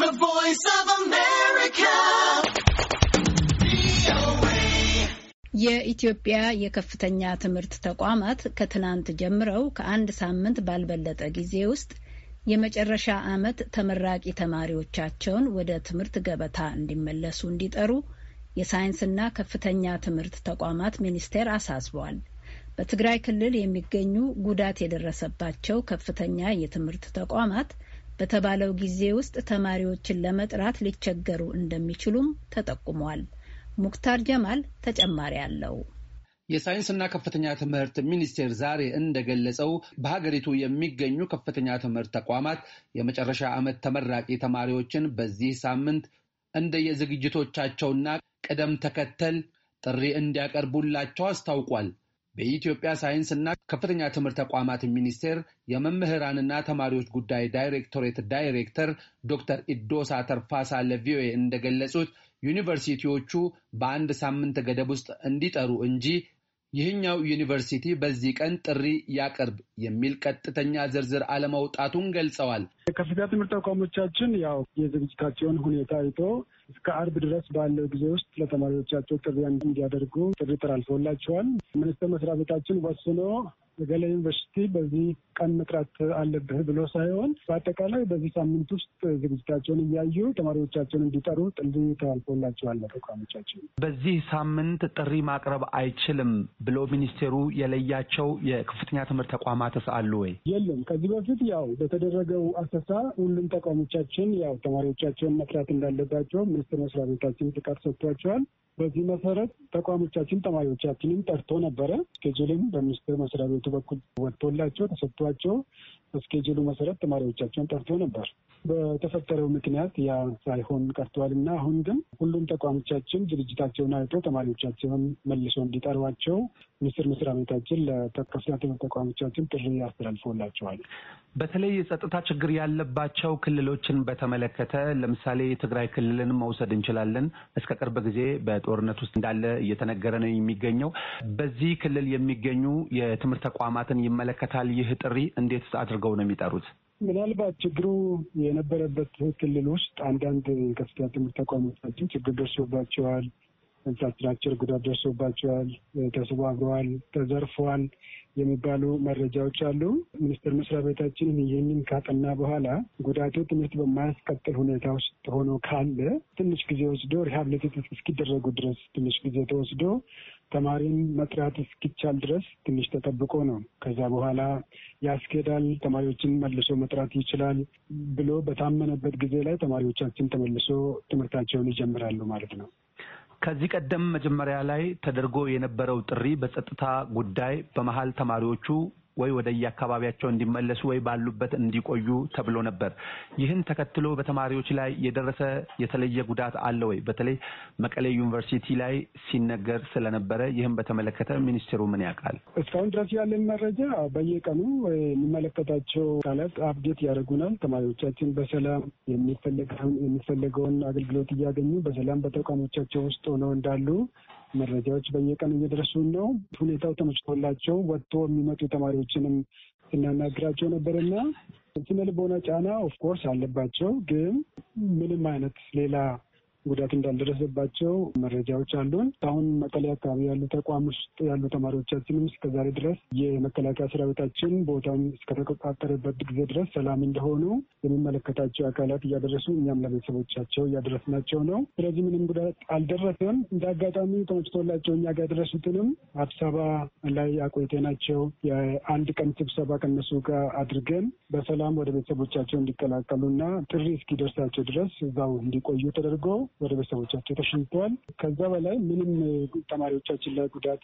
The Voice of America. የኢትዮጵያ የከፍተኛ ትምህርት ተቋማት ከትናንት ጀምረው ከአንድ ሳምንት ባልበለጠ ጊዜ ውስጥ የመጨረሻ ዓመት ተመራቂ ተማሪዎቻቸውን ወደ ትምህርት ገበታ እንዲመለሱ እንዲጠሩ የሳይንስና ከፍተኛ ትምህርት ተቋማት ሚኒስቴር አሳስቧል። በትግራይ ክልል የሚገኙ ጉዳት የደረሰባቸው ከፍተኛ የትምህርት ተቋማት በተባለው ጊዜ ውስጥ ተማሪዎችን ለመጥራት ሊቸገሩ እንደሚችሉም ተጠቁሟል። ሙክታር ጀማል ተጨማሪ አለው። የሳይንስና ከፍተኛ ትምህርት ሚኒስቴር ዛሬ እንደገለጸው በሀገሪቱ የሚገኙ ከፍተኛ ትምህርት ተቋማት የመጨረሻ ዓመት ተመራቂ ተማሪዎችን በዚህ ሳምንት እንደየዝግጅቶቻቸውና ቅደም ተከተል ጥሪ እንዲያቀርቡላቸው አስታውቋል። በኢትዮጵያ ሳይንስና ከፍተኛ ትምህርት ተቋማት ሚኒስቴር የመምህራንና ተማሪዎች ጉዳይ ዳይሬክቶሬት ዳይሬክተር ዶክተር ኢዶሳ ተርፋሳ ለቪኦኤ እንደገለጹት ዩኒቨርሲቲዎቹ በአንድ ሳምንት ገደብ ውስጥ እንዲጠሩ እንጂ ይህኛው ዩኒቨርሲቲ በዚህ ቀን ጥሪ ያቅርብ የሚል ቀጥተኛ ዝርዝር አለመውጣቱን ገልጸዋል። ከፍተኛ ትምህርት ተቋሞቻችን ያው የዝግጅታቸውን ሁኔታ አይቶ እስከ አርብ ድረስ ባለው ጊዜ ውስጥ ለተማሪዎቻቸው ጥሪ እንዲያደርጉ ጥሪ ተላልፎላቸዋል። ሚኒስቴር መስሪያ ቤታችን ወስኖ መቀሌ ዩኒቨርሲቲ በዚህ ቀን መጥራት አለብህ ብሎ ሳይሆን በአጠቃላይ በዚህ ሳምንት ውስጥ ዝግጅታቸውን እያዩ ተማሪዎቻቸውን እንዲጠሩ ጥሪ ተላልፎላቸዋል። ለተቋሞቻችን በዚህ ሳምንት ጥሪ ማቅረብ አይችልም ብሎ ሚኒስቴሩ የለያቸው የከፍተኛ ትምህርት ተቋማትስ አሉ ወይ? የለም። ከዚህ በፊት ያው በተደረገው አሰሳ ሁሉም ተቋሞቻችን ያው ተማሪዎቻቸውን መጥራት እንዳለባቸው ሚኒስትር መስሪያ ቤታችን ፍቃድ ሰጥቷቸዋል። በዚህ መሰረት ተቋሞቻችን ተማሪዎቻችንን ጠርቶ ነበረ። ስኬጁልም በሚኒስቴር መስሪያ ቤቱ በኩል ወጥቶላቸው ተሰጥቷቸው በስኬጁሉ መሰረት ተማሪዎቻቸውን ጠርቶ ነበር። በተፈጠረው ምክንያት ያ ሳይሆን ቀርተዋል እና አሁን ግን ሁሉም ተቋሞቻችን ድርጅታቸውን አይቶ ተማሪዎቻቸውን መልሶ እንዲጠሯቸው ሚኒስቴር መስሪያ ቤታችን ለከፍተኛ ትምህርት ተቋሞቻችን ጥሪ አስተላልፎላቸዋል። በተለይ የጸጥታ ችግር ያለባቸው ክልሎችን በተመለከተ ለምሳሌ የትግራይ ክልልን መውሰድ እንችላለን። እስከ ቅርብ ጊዜ ጦርነት ውስጥ እንዳለ እየተነገረ ነው የሚገኘው። በዚህ ክልል የሚገኙ የትምህርት ተቋማትን ይመለከታል ይህ ጥሪ። እንዴት አድርገው ነው የሚጠሩት? ምናልባት ችግሩ የነበረበት ክልል ውስጥ አንዳንድ ከፍተኛ ትምህርት ተቋሞቻችን ችግር ደርሶባቸዋል ኢንፍራስትራክቸር ጉዳት ደርሶባቸዋል፣ ተሰባብረዋል፣ ተዘርፈዋል የሚባሉ መረጃዎች አሉ። ሚኒስቴር መስሪያ ቤታችን ይህንን ካጠና በኋላ ጉዳቱ ትምህርት በማያስቀጥል ሁኔታ ውስጥ ሆኖ ካለ ትንሽ ጊዜ ወስዶ ሪሃብሊቴት እስኪደረጉ ድረስ ትንሽ ጊዜ ተወስዶ ተማሪን መጥራት እስኪቻል ድረስ ትንሽ ተጠብቆ ነው። ከዛ በኋላ ያስኬዳል፣ ተማሪዎችን መልሶ መጥራት ይችላል ብሎ በታመነበት ጊዜ ላይ ተማሪዎቻችን ተመልሶ ትምህርታቸውን ይጀምራሉ ማለት ነው። ከዚህ ቀደም መጀመሪያ ላይ ተደርጎ የነበረው ጥሪ በጸጥታ ጉዳይ በመሀል ተማሪዎቹ ወይ ወደ የአካባቢያቸው እንዲመለሱ ወይ ባሉበት እንዲቆዩ ተብሎ ነበር። ይህን ተከትሎ በተማሪዎች ላይ የደረሰ የተለየ ጉዳት አለ ወይ? በተለይ መቀሌ ዩኒቨርሲቲ ላይ ሲነገር ስለነበረ ይህን በተመለከተ ሚኒስትሩ ምን ያውቃል? እስካሁን ድረስ ያለን መረጃ በየቀኑ የሚመለከታቸው ቃላት አፕዴት ያደርጉናል። ተማሪዎቻችን በሰላም የሚፈለገውን አገልግሎት እያገኙ በሰላም በተቋሞቻቸው ውስጥ ሆነው እንዳሉ መረጃዎች በየቀን እየደረሱን ነው። ሁኔታው ተመችቶላቸው ወጥቶ የሚመጡ ተማሪዎችንም ስናናግራቸው ነበርና ስነ ጫና ኦፍኮርስ አለባቸው፣ ግን ምንም አይነት ሌላ ጉዳት እንዳልደረሰባቸው መረጃዎች አሉን። አሁን መቀሌ አካባቢ ያሉ ተቋም ውስጥ ያሉ ተማሪዎቻችንም እስከዛሬ ድረስ የመከላከያ ሰራዊታችን ቦታውን እስከተቆጣጠረበት ጊዜ ድረስ ሰላም እንደሆኑ የሚመለከታቸው አካላት እያደረሱ እኛም ለቤተሰቦቻቸው እያደረስናቸው ነው። ስለዚህ ምንም ጉዳት አልደረሰም። እንደ አጋጣሚ ተመችቶላቸው እኛ ጋር የደረሱትንም አዲስ አበባ ላይ አቆይተናቸው የአንድ ቀን ስብሰባ ከነሱ ጋር አድርገን በሰላም ወደ ቤተሰቦቻቸው እንዲቀላቀሉና ጥሪ እስኪደርሳቸው ድረስ እዛው እንዲቆዩ ተደርጎ ወደ ቤተሰቦቻቸው ተሸኝተዋል። ከዛ በላይ ምንም ተማሪዎቻችን ላይ ጉዳት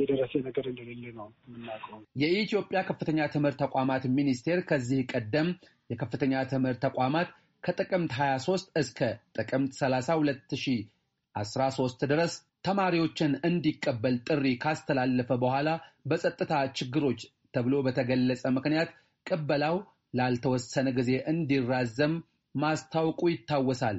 የደረሰ ነገር እንደሌለ ነው የምናውቀው። የኢትዮጵያ ከፍተኛ ትምህርት ተቋማት ሚኒስቴር ከዚህ ቀደም የከፍተኛ ትምህርት ተቋማት ከጥቅምት 23 እስከ ጥቅምት 30 2013 ድረስ ተማሪዎችን እንዲቀበል ጥሪ ካስተላለፈ በኋላ በጸጥታ ችግሮች ተብሎ በተገለጸ ምክንያት ቅበላው ላልተወሰነ ጊዜ እንዲራዘም ማስታወቁ ይታወሳል።